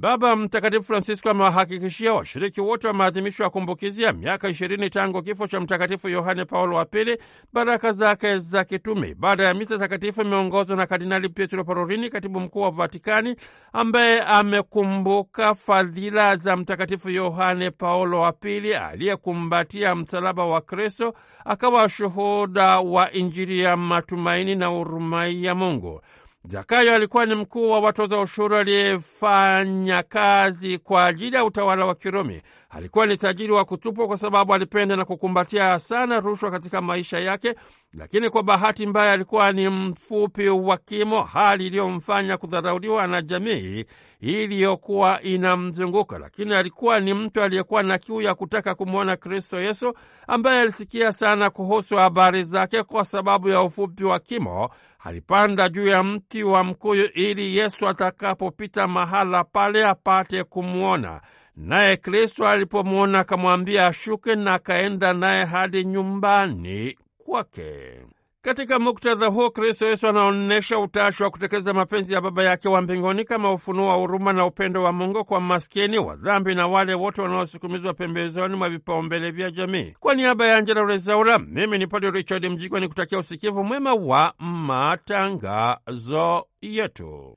Baba Mtakatifu Francisco amewahakikishia washiriki wote wa maadhimisho ya kumbukizi ya miaka ishirini tangu kifo cha Mtakatifu Yohane Paulo wa Pili baraka zake za kitume. Baada ya misa takatifu imeongozwa na Kardinali Pietro parorini katibu mkuu wa Vatikani, ambaye amekumbuka fadhila za Mtakatifu Yohane Paulo wa Pili aliyekumbatia msalaba wa Kristo, akawa shuhuda wa Injili ya matumaini na huruma ya Mungu. Zakayo alikuwa ni mkuu wa watoza ushuru aliyefanya kazi kwa ajili ya utawala wa Kirumi. Alikuwa ni tajiri wa kutupwa kwa sababu alipenda na kukumbatia sana rushwa katika maisha yake, lakini kwa bahati mbaya alikuwa ni mfupi wa kimo, hali iliyomfanya kudharauliwa na jamii iliyokuwa inamzunguka. Lakini alikuwa ni mtu aliyekuwa na kiu ya kutaka kumwona Kristo Yesu, ambaye alisikia sana kuhusu habari zake kwa sababu ya ufupi wa kimo alipanda juu ya mti wa mkuyu ili Yesu atakapopita mahala pale apate kumwona. Naye Kristo alipomwona akamwambia ashuke, na akaenda naye hadi nyumbani kwake. Katika muktadha huo, Kristo Yesu anaonyesha utashi wa kutekeleza mapenzi ya Baba yake wa mbinguni kama ufunuo wa huruma na upendo wa Mungu kwa maskini wa dhambi na wale wote wanaosukumizwa pembezoni mwa vipaumbele vya jamii. Kwa niaba ya Angela Rezaura, mimi ni Padre Richard Mjigwa ni kutakia usikivu mwema wa matangazo yetu.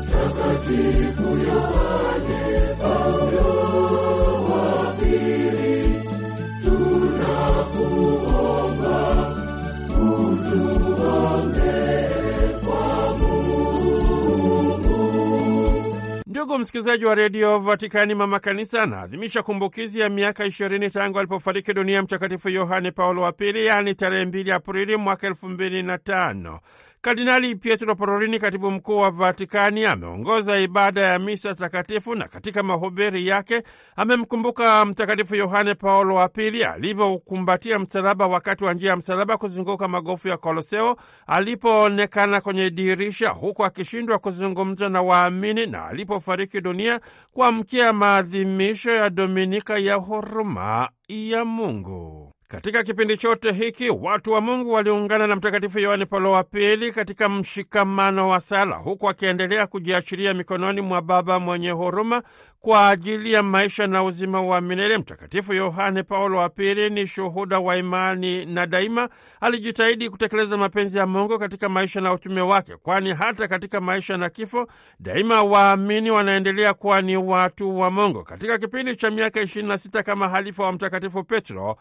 Ndugu msikilizaji wa redio Vatikani, mama kanisa anaadhimisha kumbukizi ya miaka ishirini tangu alipofariki dunia Mtakatifu Yohane Paulo wa Pili, yaani tarehe mbili Aprili mwaka elfu mbili na tano. Kardinali Pietro Parolini, katibu mkuu wa Vatikani, ameongoza ibada ya misa takatifu na katika mahubiri yake amemkumbuka Mtakatifu Yohane Paulo wa Pili alivyokumbatia msalaba wakati wa njia ya msalaba kuzunguka magofu ya Koloseo alipoonekana kwenye dirisha, huku akishindwa kuzungumza na waamini, na alipofariki dunia kuamkia maadhimisho ya Dominika ya Huruma ya Mungu. Katika kipindi chote hiki watu wa Mungu waliungana na Mtakatifu Yohane Paulo wa Pili katika mshikamano wa sala, huku akiendelea kujiachiria mikononi mwa Baba mwenye huruma kwa ajili ya maisha na uzima wa milele. Mtakatifu Yohane Paulo wa Pili ni shuhuda wa imani na daima alijitahidi kutekeleza mapenzi ya Mungu katika maisha na utume wake, kwani hata katika maisha na kifo daima waamini wanaendelea kuwa ni watu wa Mungu. Katika kipindi cha miaka 26 kama halifa wa Mtakatifu Petro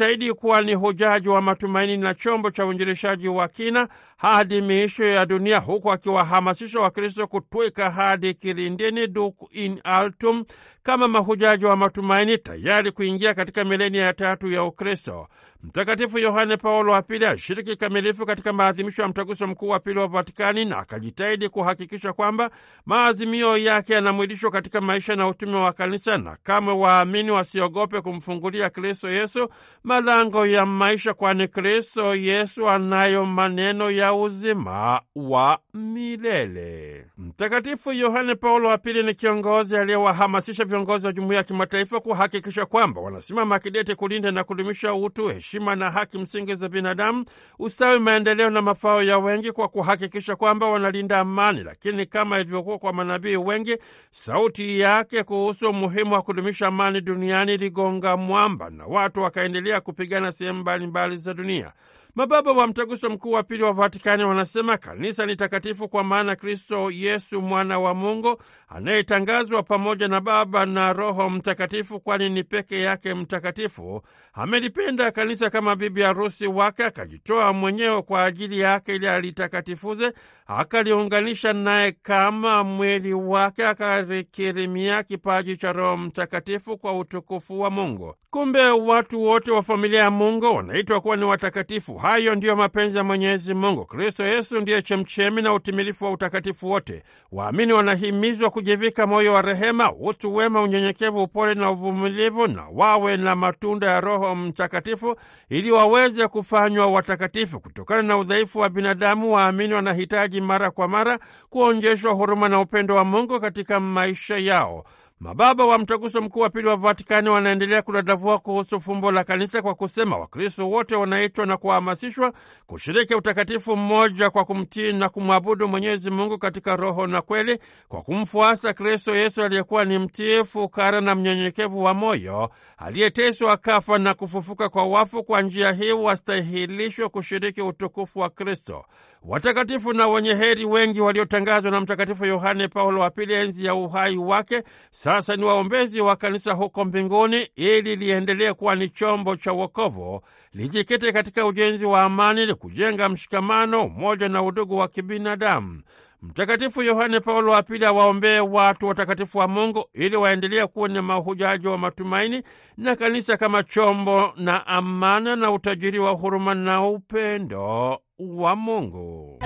amejitahidi kuwa ni hujaji wa matumaini na chombo cha uinjirishaji wa kina hadi miisho ya dunia, huku akiwahamasisha Wakristo kutwika hadi kilindini, duk in altum, kama mahujaji wa matumaini tayari kuingia katika milenia ya tatu ya Ukristo. Mtakatifu Yohane Paulo wa Pili ashiriki kamilifu katika maadhimisho ya mtaguso mkuu wa pili wa Vatikani na akajitahidi kuhakikisha kwamba maazimio yake yanamwilishwa katika maisha na utume wa kanisa, na kamwe waamini wasiogope kumfungulia Kristo Yesu malango ya maisha, kwani Kristo Yesu anayo maneno ya uzima wa milele. Mtakatifu Yohane Paulo wa Pili ni kiongozi aliyewahamasisha viongozi wa jumuiya ya kimataifa kuhakikisha kwamba wanasimama kidete kulinda na kudumisha utu, heshima na haki msingi za binadamu, ustawi, maendeleo na mafao ya wengi, kwa kuhakikisha kwamba wanalinda amani. Lakini kama ilivyokuwa kwa manabii wengi, sauti yake kuhusu umuhimu wa kudumisha amani duniani iligonga mwamba na watu wakaendelea kupigana sehemu mbalimbali za dunia. Mababa wa Mtaguso Mkuu wa Pili wa Vatikani wanasema kanisa ni takatifu kwa maana Kristo Yesu mwana wa Mungu anayetangazwa pamoja na Baba na Roho Mtakatifu, kwani ni peke yake mtakatifu. Amelipenda kanisa kama bibi harusi wake, akajitoa mwenyewe kwa ajili yake ili alitakatifuze, akaliunganisha naye kama mwili wake, akalikirimia kipaji cha Roho Mtakatifu kwa utukufu wa Mungu. Kumbe watu wote wa familia ya Mungu wanaitwa kuwa ni watakatifu Hayo ndiyo mapenzi ya Mwenyezi Mungu. Kristo Yesu ndiye chemchemi na utimilifu wa utakatifu wote. Waamini wanahimizwa kujivika moyo wa rehema, utu wema, unyenyekevu, upole na uvumilivu, na wawe na matunda ya Roho Mtakatifu ili waweze kufanywa watakatifu. Kutokana na udhaifu wa binadamu, waamini wanahitaji mara kwa mara kuonjeshwa huruma na upendo wa Mungu katika maisha yao. Mababa wa Mtaguso Mkuu wa Pili wa Vatikani wanaendelea kudadavua kuhusu fumbo la Kanisa kwa kusema Wakristo wote wanaitwa na kuhamasishwa kushiriki utakatifu mmoja kwa kumtii na kumwabudu Mwenyezi Mungu katika roho na kweli, kwa kumfuasa Kristo Yesu aliyekuwa ni mtiifu, kara na mnyenyekevu wa moyo, aliyeteswa, kafa na kufufuka kwa wafu. Kwa njia hii wastahilishwe kushiriki utukufu wa Kristo watakatifu na wenye heri wengi waliotangazwa na Mtakatifu Yohane Paulo wa Pili enzi ya uhai wake, sasa ni waombezi wa kanisa huko mbinguni, ili liendelee kuwa ni chombo cha wokovu, lijikite katika ujenzi wa amani, kujenga mshikamano, umoja na udugu wa kibinadamu. Mtakatifu Yohane Paulo wa Pili awaombee watu watakatifu wa Mungu ili waendelee kuwa ni mahujaji wa matumaini na kanisa kama chombo na amana na utajiri wa huruma na upendo wa Mungu.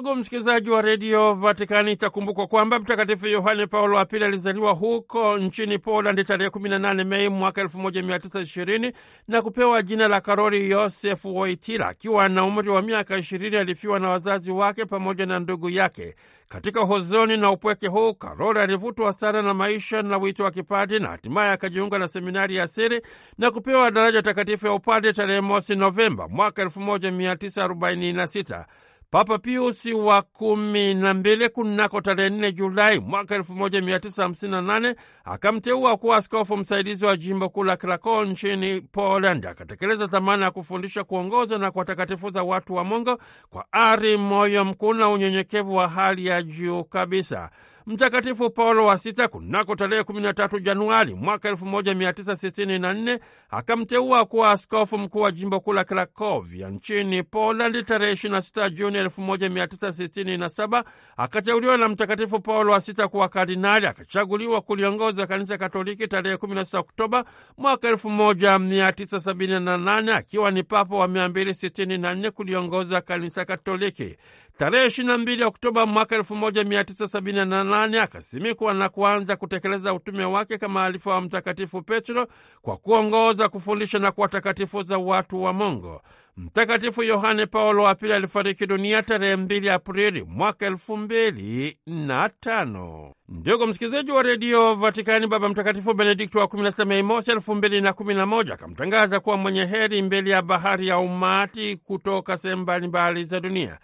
Ndugu msikilizaji wa redio Vatikani, itakumbukwa kwamba Mtakatifu Yohane Paulo wa Pili alizaliwa huko nchini Polandi tarehe 18 Mei mwaka 1920 na kupewa jina la Karoli Yosef Woitila. Akiwa na umri wa miaka 20 alifiwa na wazazi wake pamoja na ndugu yake. Katika huzuni na upweke huu, Karoli alivutwa sana na maisha na wito wa kipadi na hatimaye akajiunga na seminari ya siri na kupewa daraja takatifu ya upadi tarehe mosi Novemba mwaka 1946. Papa Piusi wa kumi na mbili kunako tarehe nne Julai mwaka elfu moja mia tisa hamsini na nane akamteua kuwa askofu msaidizi wa jimbo kuu la Krakow nchini Poland. Akatekeleza dhamana ya kufundisha, kuongoza na kuwatakatifuza watu wa Mungu kwa ari, moyo mkuu na unyenyekevu wa hali ya juu kabisa. Mtakatifu Paulo wa Sita kunako tarehe 13 Januari mwaka 1964 akamteua kuwa askofu mkuu wa jimbo kuu la Krakovia nchini Polandi. Tarehe 26 Juni 1967 akateuliwa na Mtakatifu Paulo wa Sita kuwa kardinali, akachaguliwa kuliongoza kanisa Katoliki tarehe 16 Oktoba mwaka 1978 akiwa ni papa wa 264 kuliongoza kanisa Katoliki. Tarehe 22 Oktoba mwaka 1978 akasimikwa na kuanza kutekeleza utume wake kama alifu wa Mtakatifu Petro kwa kuongoza, kufundisha na kuwatakatifuza watu wa Mungu. Mtakatifu Yohane Paulo wa Pili alifariki dunia tarehe 2 Aprili mwaka elfu mbili na tano. Ndugu msikilizaji wa redio Vatikani, Baba Mtakatifu Benedikto wa 16 Mei mosi elfu mbili na kumi na moja akamtangaza kuwa mwenye heri mbele ya bahari ya umati kutoka sehemu mbalimbali za dunia.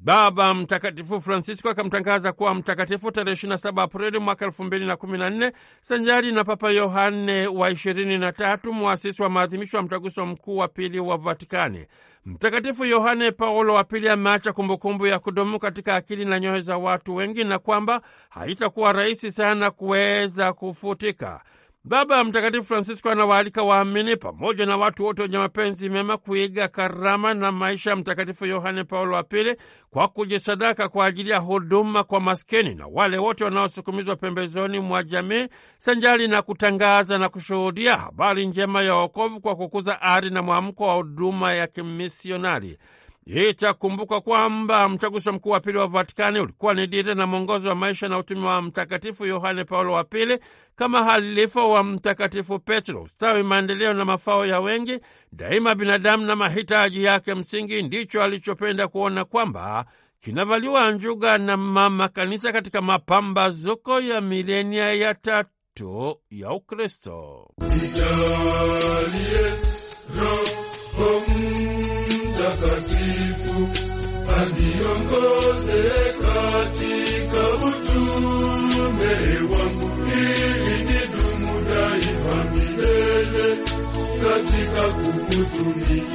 Baba Mtakatifu Francisco akamtangaza kuwa mtakatifu tarehe 27 Aprili mwaka 2014 sanjari na Papa Yohane wa 23, mwasisi wa maadhimisho ya mtaguso mkuu wa pili wa Vatikani. Mtakatifu Yohane Paulo wa Pili ameacha kumbukumbu ya kudumu katika akili na nyoyo za watu wengi, na kwamba haitakuwa rahisi sana kuweza kufutika. Baba Mtakatifu Francisco anawaalika waamini pamoja na watu wote wenye mapenzi mema kuiga karama na maisha ya Mtakatifu Yohane Paulo wa Pili kwa kujisadaka kwa ajili ya huduma kwa maskini na wale wote wanaosukumizwa pembezoni mwa jamii, sanjali na kutangaza na kushuhudia habari njema ya wokovu kwa kukuza ari na mwamko wa huduma ya kimisionari. Itakumbuka kwamba mtaguso mkuu wa pili wa Vatikani ulikuwa ni dira na mwongozo wa maisha na utumi wa Mtakatifu Yohane Paulo wa pili kama halifa wa Mtakatifu Petro. Ustawi, maendeleo na mafao ya wengi daima, binadamu na mahitaji yake msingi, ndicho alichopenda kuona kwamba kinavaliwa njuga na Mama Kanisa katika mapambazuko ya milenia ya tatu ya Ukristo mtakatifu aniongoze katika utume wangu ili nidumu daima milele katika kumtumikia.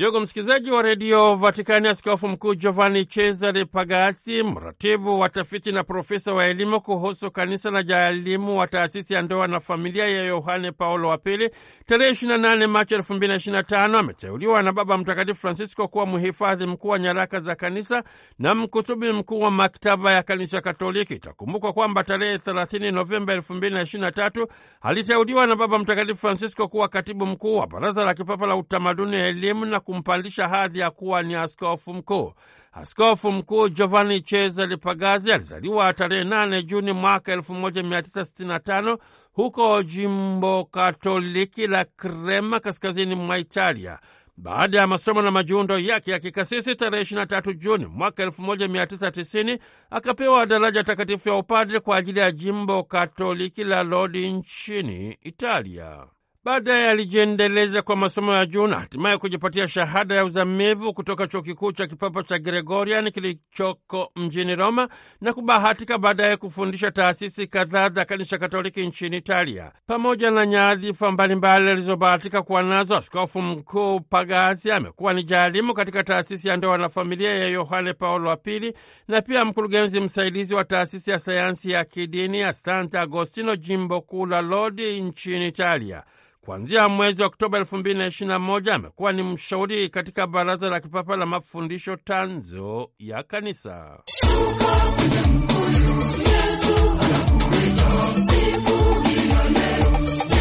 Ndugu msikilizaji wa redio Vatikani, askofu mkuu Giovanni Cesare Pagasi, mratibu wa tafiti na profesa wa elimu kuhusu kanisa na jaalimu wa taasisi ya ndoa na familia ya Yohane Paulo wa Pili, tarehe 28 Machi 2025 ameteuliwa na Baba Mtakatifu Francisco kuwa mhifadhi mkuu wa nyaraka za kanisa na mkutubi mkuu wa maktaba ya kanisa Katoliki. Itakumbukwa kwamba tarehe 30 Novemba 2023 aliteuliwa na Baba Mtakatifu Francisco kuwa katibu mkuu wa Baraza la Kipapa la Utamaduni, Elimu na kumpandisha hadhi ya kuwa ni askofu mkuu. Askofu mkuu Giovanni Cesare Pagazzi alizaliwa tarehe 8 Juni mwaka 1965 huko jimbo katoliki la Krema, kaskazini mwa Italia. Baada ya masomo na majiundo yake ya kikasisi, tarehe 23 Juni mwaka 1990 akapewa daraja takatifu ya upadre kwa ajili ya jimbo katoliki la Lodi nchini Italia. Baadaye alijiendeleza kwa masomo ya juu na hatimaye kujipatia shahada ya uzamivu kutoka chuo kikuu cha kipapa cha Gregorian kilichoko mjini Roma na kubahatika baadaye kufundisha taasisi kadhaa za kanisa Katoliki nchini Italia. Pamoja na nyadhifa mbalimbali alizobahatika kuwa nazo, askofu mkuu Pagasi amekuwa ni jaalimu katika taasisi ya ndoa na familia ya Yohane Paulo wa Pili na pia mkurugenzi msaidizi wa taasisi ya sayansi ya kidini ya agostino jimbo kuu la Lodi nchini Italia. Kuanzia mwezi wa Oktoba 2021 amekuwa ni mshauri katika Baraza la Kipapa la Mafundisho Tanzo ya Kanisa.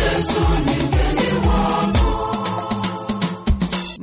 Yesu,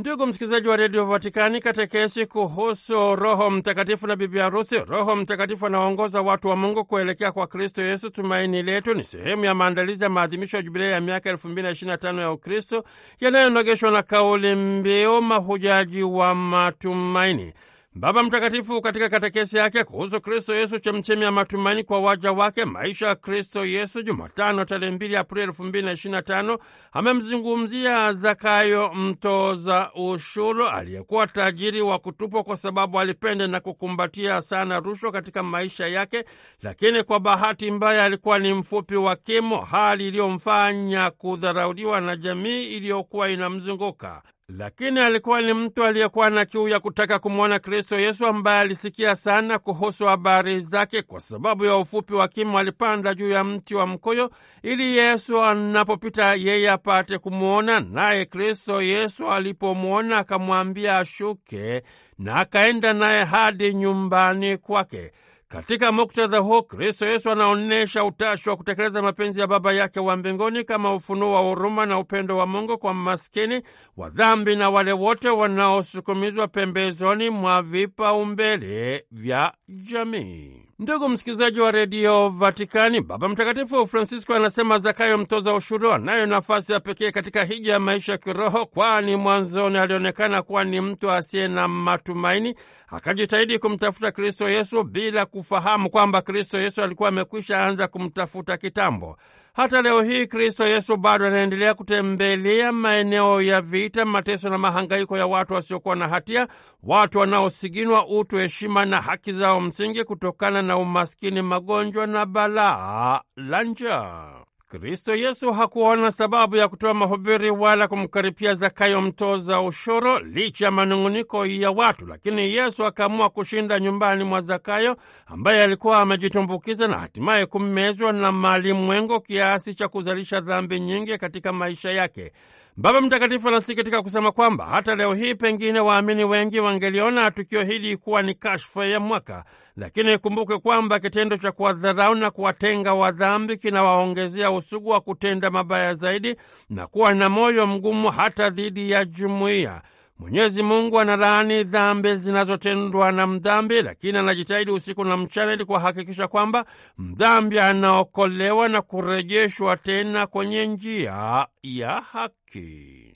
Ndugu msikilizaji wa redio Vatikani, katekesi kuhusu Roho Mtakatifu na bibi harusi. Roho Mtakatifu anaongoza watu wa Mungu kuelekea kwa Kristo Yesu tumaini letu, ni sehemu ya maandalizi ya maadhimisho ya jubilei ya miaka elfu mbili na na tano ya Ukristo yanayonogeshwa na kauli mbiu mahujaji wa matumaini. Baba Mtakatifu katika katekesi yake kuhusu Kristo Yesu, chemchemi ya matumaini kwa waja wake, maisha ya Kristo Yesu, Jumatano tarehe 2 Aprili tano amemzungumzia Zakayo mtoza ushuru aliyekuwa tajiri wa kutupwa kwa sababu alipenda na kukumbatia sana rushwa katika maisha yake, lakini kwa bahati mbaya alikuwa ni mfupi wa kimo, hali iliyomfanya kudharauliwa na jamii iliyokuwa inamzunguka lakini alikuwa ni mtu aliyekuwa na kiu ya kutaka kumwona Kristo Yesu, ambaye alisikia sana kuhusu habari zake. Kwa sababu ya ufupi wa kimo, alipanda juu ya mti wa mkoyo ili Yesu anapopita yeye apate kumwona. Naye Kristo Yesu alipomwona akamwambia ashuke, na akaenda naye hadi nyumbani kwake. Katika muktadha huo, Kristo Yesu anaonyesha utashi wa kutekeleza mapenzi ya Baba yake wa mbinguni kama ufunuo wa huruma na upendo wa Mungu kwa maskini wa dhambi na wale wote wanaosukumizwa pembezoni mwa vipaumbele vya jamii. Ndugu msikilizaji wa redio Vatikani, Baba Mtakatifu Francisco anasema Zakayo mtoza ushuru anayo nafasi ya pekee katika hija ya maisha ya kiroho, kwani mwanzoni alionekana kuwa ni mtu asiye na matumaini, akajitahidi kumtafuta Kristo Yesu bila kufahamu kwamba Kristo Yesu alikuwa amekwisha anza kumtafuta kitambo. Hata leo hii Kristo Yesu bado anaendelea kutembelea maeneo ya vita, mateso na mahangaiko ya watu wasiokuwa na hatia, watu wanaosiginwa utu, heshima na haki zao msingi kutokana na umaskini, magonjwa na balaa la njaa. Kristo Yesu hakuona sababu ya kutoa mahubiri wala kumkaripia Zakayo mtoza ushuru licha ya manung'uniko ya watu, lakini Yesu akaamua kushinda nyumbani mwa Zakayo ambaye alikuwa amejitumbukiza na hatimaye kummezwa na mali mwengo kiasi cha kuzalisha dhambi nyingi katika maisha yake. Baba Mtakatifu anasii katika kusema kwamba hata leo hii pengine waamini wengi wangeliona tukio hili kuwa ni kashfa ya mwaka, lakini ikumbuke kwamba kitendo cha kuwadharau na kuwatenga wadhambi kinawaongezea usugu wa kutenda mabaya zaidi na kuwa na moyo mgumu hata dhidi ya jumuiya. Mwenyezi Mungu analaani dhambi zinazotendwa na mdhambi, lakini anajitahidi usiku na mchana ili kuhakikisha kwamba mdhambi anaokolewa na kurejeshwa tena kwenye njia ya haki.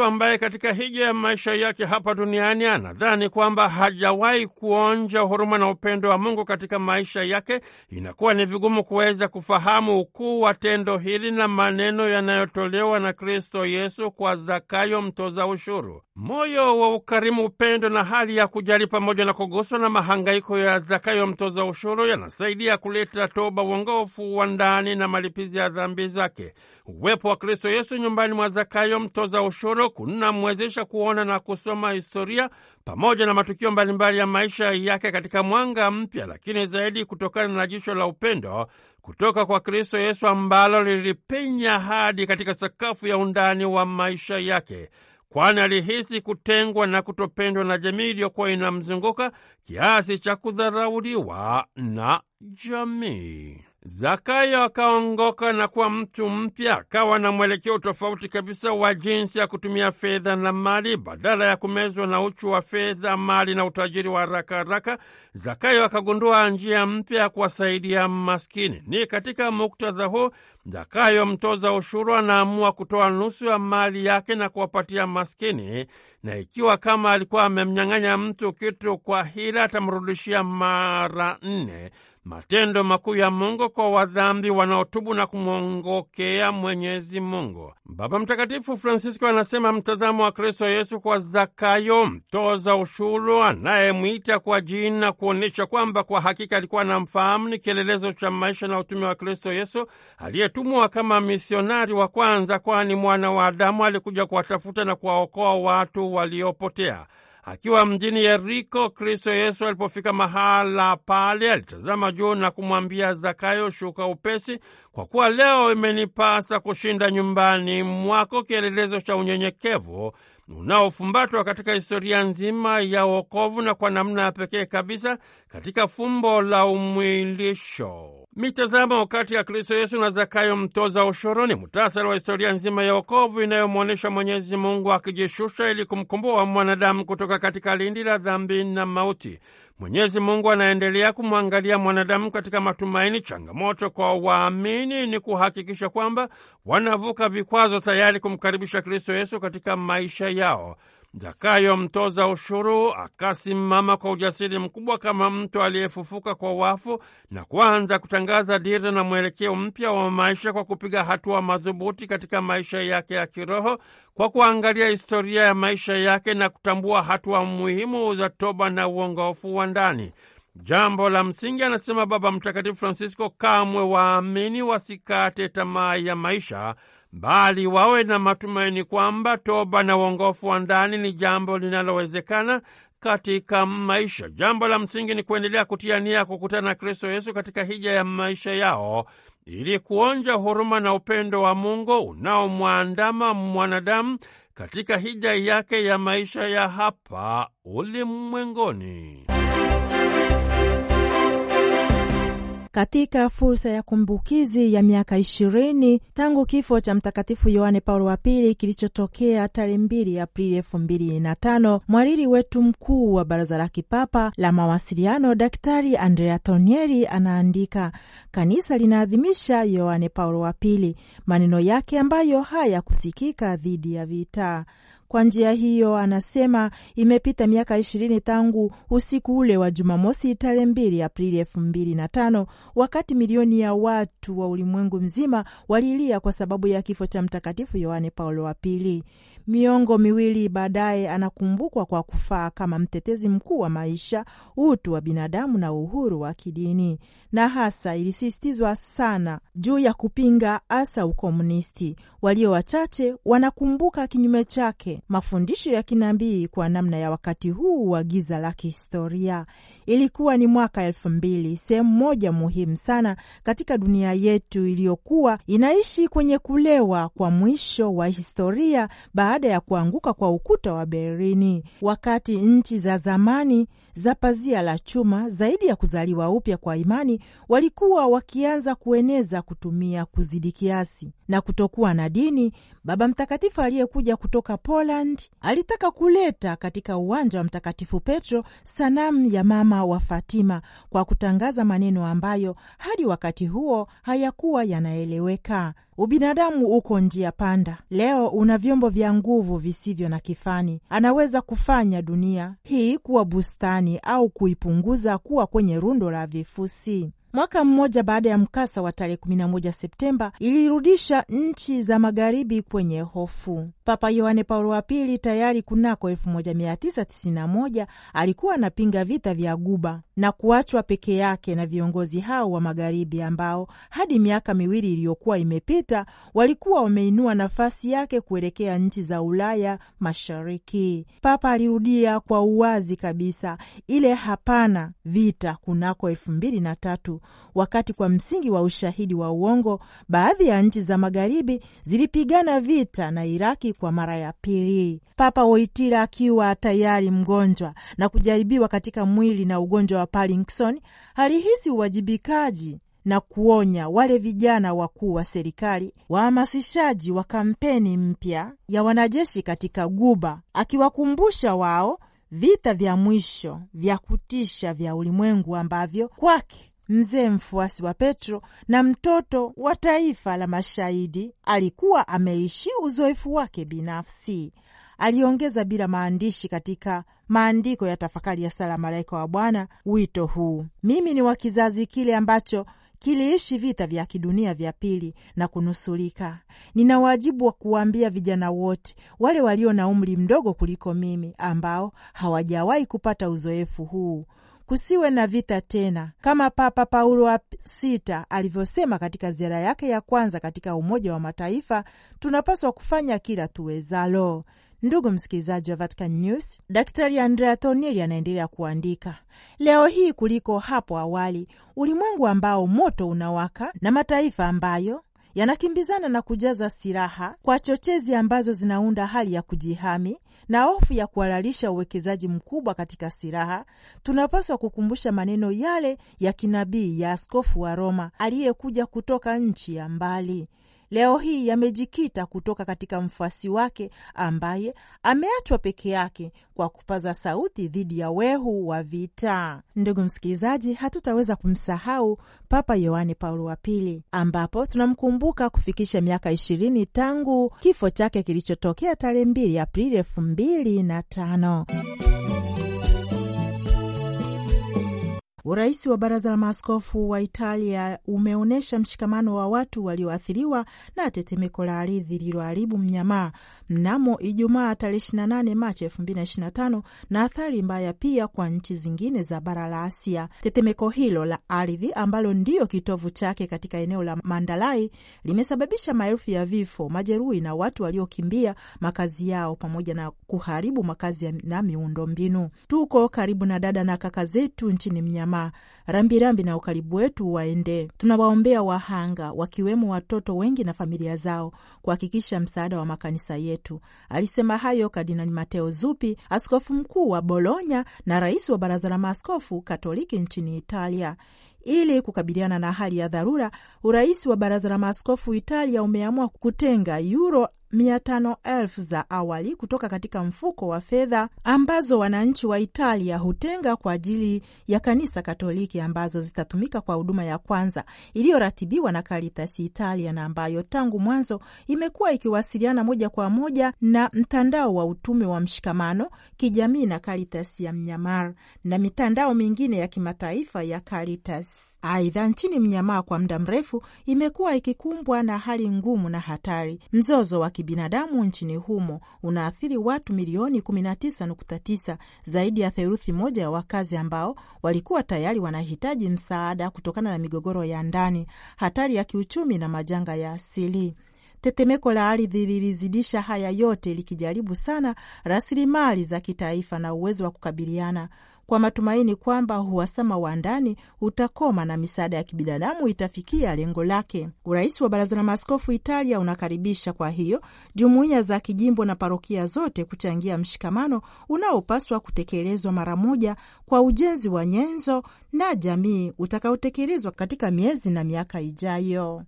mtu ambaye katika hija ya maisha yake hapa duniani anadhani kwamba hajawahi kuonja huruma na upendo wa Mungu katika maisha yake, inakuwa ni vigumu kuweza kufahamu ukuu wa tendo hili na maneno yanayotolewa na Kristo Yesu kwa Zakayo mtoza ushuru. Moyo wa ukarimu, upendo na hali ya kujali pamoja na kuguswa na mahangaiko ya Zakayo mtoza ushuru yanasaidia kuleta toba, uongofu wa ndani na malipizi ya dhambi zake. Uwepo wa Kristo Yesu nyumbani mwa Zakayo mtoza ushuru kunamwezesha kuona na kusoma historia pamoja na matukio mbalimbali ya maisha yake katika mwanga mpya, lakini zaidi kutokana na jicho la upendo kutoka kwa Kristo Yesu ambalo lilipenya hadi katika sakafu ya undani wa maisha yake kwani alihisi kutengwa na kutopendwa na jamii iliyokuwa inamzunguka kiasi cha kudharauliwa na jamii. Zakayo akaongoka na kuwa mtu mpya, akawa na mwelekeo tofauti kabisa wa jinsi ya kutumia fedha na mali. Badala ya kumezwa na uchu wa fedha, mali na utajiri wa haraka haraka, Zakayo akagundua njia mpya ya kuwasaidia maskini. Ni katika muktadha huu Zakayo, mtoza ushuru, anaamua kutoa nusu ya mali yake na kuwapatia maskini, na ikiwa kama alikuwa amemnyang'anya mtu kitu kwa hila, atamrudishia mara nne matendo makuu ya Mungu kwa wadhambi wanaotubu na kumwongokea Mwenyezi Mungu. Baba Mtakatifu francisco anasema mtazamo wa Kristo Yesu kwa Zakayo mtoza ushuru anayemwita kwa jina, kuonyesha kwamba kwa hakika alikuwa anamfahamu, ni kielelezo cha maisha na utume wa Kristo Yesu aliyetumwa kama misionari wa kwanza, kwani mwana wa Adamu alikuja kuwatafuta na kuwaokoa watu waliopotea. Akiwa mjini Yeriko, Kristo Yesu alipofika mahala pale, alitazama juu na kumwambia Zakayo, shuka upesi, kwa kuwa leo imenipasa kushinda nyumbani mwako. Kielelezo cha unyenyekevu unaofumbatwa katika historia nzima ya wokovu na kwa namna ya pekee kabisa katika fumbo la umwilisho. Mitazamo kati ya Kristo Yesu na Zakayo mtoza ushuru ni mutasari wa historia nzima ya wokovu inayomwonyesha Mwenyezi Mungu akijishusha ili kumkomboa mwanadamu kutoka katika lindi la dhambi na mauti. Mwenyezi Mungu anaendelea kumwangalia mwanadamu katika matumaini. Changamoto kwa waamini ni kuhakikisha kwamba wanavuka vikwazo, tayari kumkaribisha Kristo Yesu katika maisha yao. Zakayo mtoza ushuru akasimama kwa ujasiri mkubwa kama mtu aliyefufuka kwa wafu na kuanza kutangaza dira na mwelekeo mpya wa maisha kwa kupiga hatua madhubuti katika maisha yake ya kiroho kwa kuangalia historia ya maisha yake na kutambua hatua muhimu za toba na uongofu wa ndani. Jambo la msingi, anasema Baba Mtakatifu Francisco, kamwe waamini wasikate tamaa ya maisha bali wawe na matumaini kwamba toba na uongofu wa ndani ni jambo linalowezekana katika maisha. Jambo la msingi ni kuendelea kutia nia ya kukutana na Kristo Yesu katika hija ya maisha yao ili kuonja huruma na upendo wa Mungu unaomwandama mwanadamu katika hija yake ya maisha ya hapa mm. katika fursa ya kumbukizi ya miaka ishirini tangu kifo cha Mtakatifu Yohane Paulo wa Pili kilichotokea tarehe mbili Aprili elfu mbili na tano mwariri wetu mkuu wa Baraza la Kipapa la Mawasiliano Daktari Andrea Tonieri anaandika, kanisa linaadhimisha Yohane Paulo wa Pili, maneno yake ambayo hayakusikika dhidi ya vita kwa njia hiyo, anasema imepita miaka ishirini tangu usiku ule wa Jumamosi tarehe mbili Aprili elfu mbili na tano wakati milioni ya watu wa ulimwengu mzima walilia kwa sababu ya kifo cha Mtakatifu Yohane Paulo wa Pili. Miongo miwili baadaye anakumbukwa kwa kufaa kama mtetezi mkuu wa maisha, utu wa binadamu na uhuru wa kidini, na hasa ilisisitizwa sana juu ya kupinga hasa ukomunisti. Walio wachache wanakumbuka kinyume chake mafundisho ya kinabii kwa namna ya wakati huu wa giza la kihistoria. Ilikuwa ni mwaka elfu mbili, sehemu moja muhimu sana katika dunia yetu iliyokuwa inaishi kwenye kulewa kwa mwisho wa historia baada ya kuanguka kwa ukuta wa Berlini, wakati nchi za zamani za pazia la chuma zaidi ya kuzaliwa upya kwa imani walikuwa wakianza kueneza kutumia kuzidi kiasi na kutokuwa na dini. Baba Mtakatifu aliyekuja kutoka Poland alitaka kuleta katika uwanja wa Mtakatifu Petro sanamu ya mama wa Fatima kwa kutangaza maneno ambayo hadi wakati huo hayakuwa yanaeleweka. Ubinadamu uko njia panda. Leo una vyombo vya nguvu visivyo na kifani, anaweza kufanya dunia hii kuwa bustani au kuipunguza kuwa kwenye rundo la vifusi. Mwaka mmoja baada ya mkasa wa tarehe 11 Septemba ilirudisha nchi za magharibi kwenye hofu. Papa Yohane Paulo wa Pili tayari kunako 1991 alikuwa anapinga vita vya Guba na kuachwa peke yake na viongozi hao wa magharibi ambao hadi miaka miwili iliyokuwa imepita walikuwa wameinua nafasi yake kuelekea nchi za Ulaya Mashariki. Papa alirudia kwa uwazi kabisa ile hapana vita kunako elfu mbili na tatu wakati kwa msingi wa ushahidi wa uongo baadhi ya nchi za magharibi zilipigana vita na Iraki kwa mara ya pili, Papa Waitila akiwa tayari mgonjwa na kujaribiwa katika mwili na ugonjwa wa Parkinson, alihisi uwajibikaji na kuonya wale vijana wakuu wa serikali wahamasishaji wa kampeni mpya ya wanajeshi katika Guba, akiwakumbusha wao vita vya mwisho vya kutisha vya ulimwengu ambavyo kwake mzee mfuasi wa Petro na mtoto wa taifa la mashahidi, alikuwa ameishi uzoefu wake binafsi. Aliongeza bila maandishi katika maandiko ya tafakari ya sala malaika wa Bwana wito huu: mimi ni wa kizazi kile ambacho kiliishi vita vya kidunia vya pili na kunusulika Nina wajibu wa kuwaambia vijana wote, wale walio na umri mdogo kuliko mimi, ambao hawajawahi kupata uzoefu huu, kusiwe na vita tena, kama Papa Paulo wa sita alivyosema katika ziara yake ya kwanza katika Umoja wa Mataifa, tunapaswa kufanya kila tuwezalo. Ndugu msikilizaji wa Vatican News, Daktari Andrea Tornielli anaendelea kuandika: leo hii kuliko hapo awali, ulimwengu ambao moto unawaka na mataifa ambayo yanakimbizana na kujaza silaha kwa chochezi ambazo zinaunda hali ya kujihami na hofu ya kuhalalisha uwekezaji mkubwa katika silaha, tunapaswa kukumbusha maneno yale ya kinabii ya askofu wa Roma aliyekuja kutoka nchi ya mbali leo hii yamejikita kutoka katika mfuasi wake ambaye ameachwa peke yake kwa kupaza sauti dhidi ya wehu wa vita. Ndugu msikilizaji, hatutaweza kumsahau Papa Yohane Paulo wa Pili, ambapo tunamkumbuka kufikisha miaka ishirini tangu kifo chake kilichotokea tarehe mbili Aprili elfu mbili na tano. Urais wa baraza la maaskofu wa Italia umeonyesha mshikamano wa watu walioathiriwa na tetemeko la ardhi lililoharibu mnyamaa mnamo Ijumaa tarehe 28 Machi 2025 na athari mbaya pia kwa nchi zingine za bara la Asia. Tetemeko hilo la ardhi ambalo ndiyo kitovu chake katika eneo la mandalai limesababisha maelfu ya vifo, majeruhi na watu waliokimbia makazi yao pamoja na kuharibu makazi na miundo mbinu. Tuko karibu na dada na kaka zetu nchini mnyama tamaa. Rambirambi na ukaribu wetu waende. Tunawaombea wahanga, wakiwemo watoto wengi na familia zao, kuhakikisha msaada wa makanisa yetu. Alisema hayo Kardinali Mateo Zuppi, askofu mkuu wa Bologna na rais wa Baraza la Maaskofu Katoliki nchini Italia. Ili kukabiliana na hali ya dharura, urais wa baraza la maaskofu Italia umeamua kutenga yuro 500,000 za awali kutoka katika mfuko wa fedha ambazo wananchi wa Italia hutenga kwa ajili ya kanisa Katoliki ambazo zitatumika kwa huduma ya kwanza iliyoratibiwa na Caritas Italia na ambayo tangu mwanzo imekuwa ikiwasiliana moja kwa moja na mtandao wa utume wa mshikamano kijamii na Caritas ya Mnyamar na mitandao mingine ya kimataifa ya Caritas. Aidha, nchini Mnyamar kwa muda mrefu imekuwa ikikumbwa na hali ngumu na hatari, mzozo wa kibinadamu nchini humo unaathiri watu milioni 19.9, zaidi ya theluthi moja ya wakazi ambao walikuwa tayari wanahitaji msaada kutokana na migogoro ya ndani, hatari ya kiuchumi na majanga ya asili. Tetemeko la ardhi lilizidisha haya yote, likijaribu sana rasilimali za kitaifa na uwezo wa kukabiliana kwa matumaini kwamba uhasama wa ndani utakoma na misaada ya kibinadamu itafikia lengo lake. Urais wa Baraza la Maaskofu Italia unakaribisha kwa hiyo jumuiya za kijimbo na parokia zote kuchangia mshikamano unaopaswa kutekelezwa mara moja kwa ujenzi wa nyenzo na jamii utakaotekelezwa katika miezi na miaka ijayo.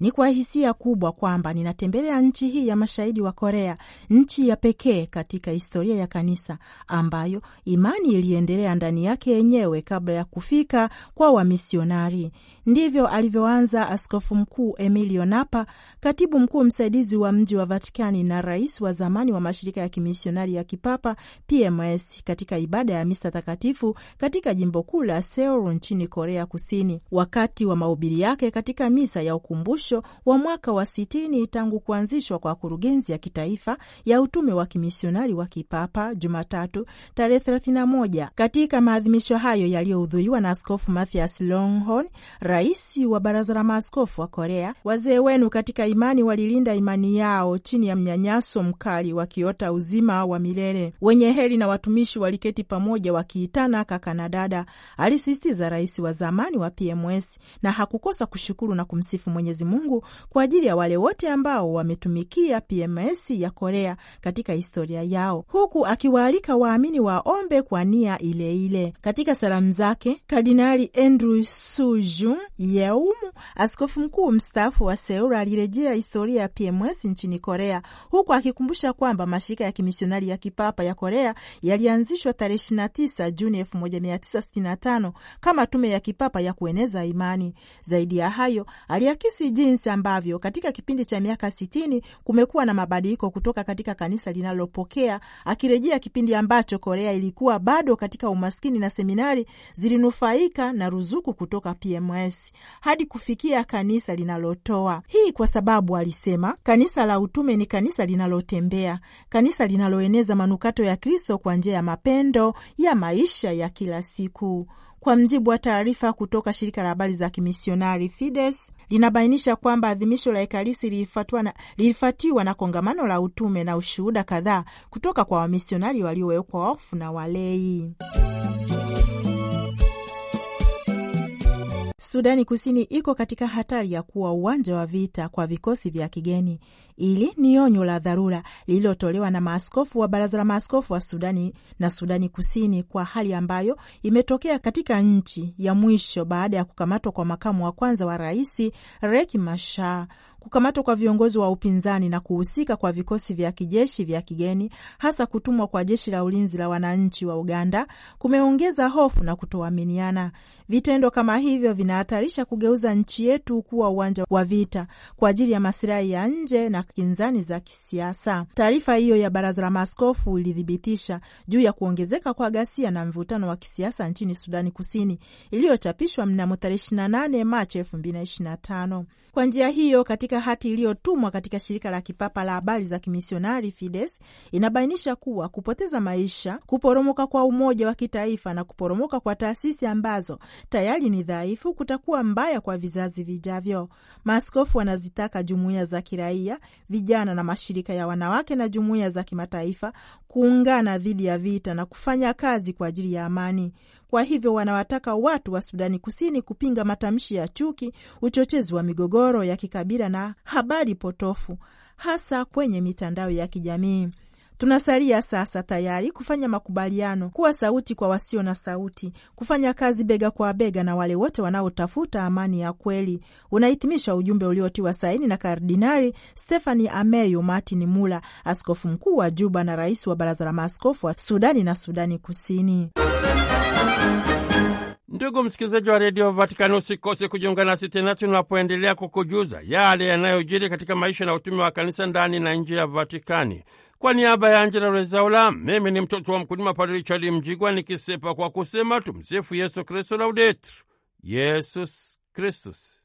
Ni kwa hisia kubwa kwamba ninatembelea nchi hii ya mashahidi wa Korea, nchi ya pekee katika historia ya kanisa ambayo imani iliendelea ndani yake yenyewe kabla ya kufika kwa wamisionari. Ndivyo alivyoanza Askofu Mkuu Emilio Napa, katibu mkuu msaidizi wa mji wa Vatikani na rais wa zamani wa mashirika ya kimisionari ya kipapa PMS, katika ibada ya misa takatifu katika jimbo kuu la Seoul nchini Korea Kusini, wakati wa mahubiri yake katika misa ya ukumbusho wa mwaka wa sitini tangu kuanzishwa kwa kurugenzi ya kitaifa ya utume wa kimisionari wa kipapa Jumatatu tarehe 31 katika maadhimisho hayo yaliyohudhuriwa na Askofu Mathias Longhorn rais wa baraza la maaskofu wa Korea, wazee wenu katika imani walilinda imani yao chini ya mnyanyaso mkali, wakiota uzima wa milele. Wenye heri na watumishi waliketi pamoja wakiitana kaka na dada, alisisitiza rais wa zamani wa PMS, na hakukosa kushukuru na kumsifu Mwenyezi Mungu kwa ajili ya wale wote ambao wametumikia PMS ya Korea katika historia yao, huku akiwaalika waamini waombe kwa nia ileile ile. Katika salamu zake Kardinali Andrew Sujum Yeumu, askofu mkuu mstaafu wa Seul, alirejea historia ya PMS nchini Korea, huku akikumbusha kwamba mashirika ya kimisionari ya kipapa ya Korea yalianzishwa tarehe 29 Juni 1965 kama tume ya kipapa ya kueneza imani. Zaidi ya hayo, aliakisi jinsi ambavyo katika kipindi cha miaka sitini kumekuwa na mabadiliko kutoka katika kanisa linalopokea, akirejea kipindi ambacho Korea ilikuwa bado katika umaskini na seminari zilinufaika na ruzuku kutoka PMS. Alliance hadi kufikia kanisa linalotoa hii, kwa sababu alisema kanisa la utume ni kanisa linalotembea, kanisa linaloeneza manukato ya Kristo kwa njia ya mapendo ya maisha ya kila siku. Kwa mjibu wa taarifa kutoka shirika la habari za kimisionari Fides linabainisha kwamba adhimisho la Ekaristi lilifuatiwa na kongamano la utume na ushuhuda kadhaa kutoka kwa wamisionari waliowekwa wakfu na walei. Sudani Kusini iko katika hatari ya kuwa uwanja wa vita kwa vikosi vya kigeni. Ili ni onyo la dharura lililotolewa na maaskofu wa Baraza la Maaskofu wa Sudani na Sudani Kusini kwa hali ambayo imetokea katika nchi ya mwisho baada ya kukamatwa kwa makamu wa kwanza wa rais Riek Machar, kukamatwa kwa viongozi wa upinzani na kuhusika kwa vikosi vya kijeshi vya kigeni, hasa kutumwa kwa jeshi la ulinzi la wananchi wa Uganda kumeongeza hofu na kutoaminiana. Vitendo kama hivyo vinahatarisha kugeuza nchi yetu kuwa uwanja wa vita kwa ajili ya masilahi ya nje na kinzani za kisiasa. Taarifa hiyo ya baraza la maaskofu ilithibitisha juu ya kuongezeka kwa ghasia na mvutano wa kisiasa nchini Sudani Kusini, iliyochapishwa mnamo tarehe 28 Machi 2025. Kwa njia hiyo, katika hati iliyotumwa katika shirika la kipapa la habari za kimisionari Fides inabainisha kuwa kupoteza maisha, kuporomoka kwa umoja wa kitaifa na kuporomoka kwa taasisi ambazo tayari ni dhaifu kutakuwa mbaya kwa vizazi vijavyo. Maaskofu wanazitaka jumuiya za kiraia, vijana na mashirika ya wanawake na jumuiya za kimataifa kuungana dhidi ya vita na kufanya kazi kwa ajili ya amani. Kwa hivyo wanawataka watu wa Sudani Kusini kupinga matamshi ya chuki, uchochezi wa migogoro ya kikabila na habari potofu, hasa kwenye mitandao ya kijamii. Tunasalia sasa tayari kufanya makubaliano, kuwa sauti kwa wasio na sauti, kufanya kazi bega kwa bega na wale wote wanaotafuta amani ya kweli, unahitimisha ujumbe uliotiwa saini na Kardinari Stefani Ameyo Martin Mula, askofu mkuu wa Juba na rais wa Baraza la Maaskofu wa Sudani na Sudani Kusini. Ndugu msikilizaji wa redio Vatikani, usikose kujiunga nasi tena tunapoendelea kukujuza yale yanayojiri katika maisha na utumi wa kanisa ndani na nje ya Vatikani. Kwa niaba ya Angela Rezaula, mimi ni mtoto wa mkulima Padre Richard Mjigwa nikisepa kwa kusema tumsifu Yesu Kristu, laudetur Yesus Kristus.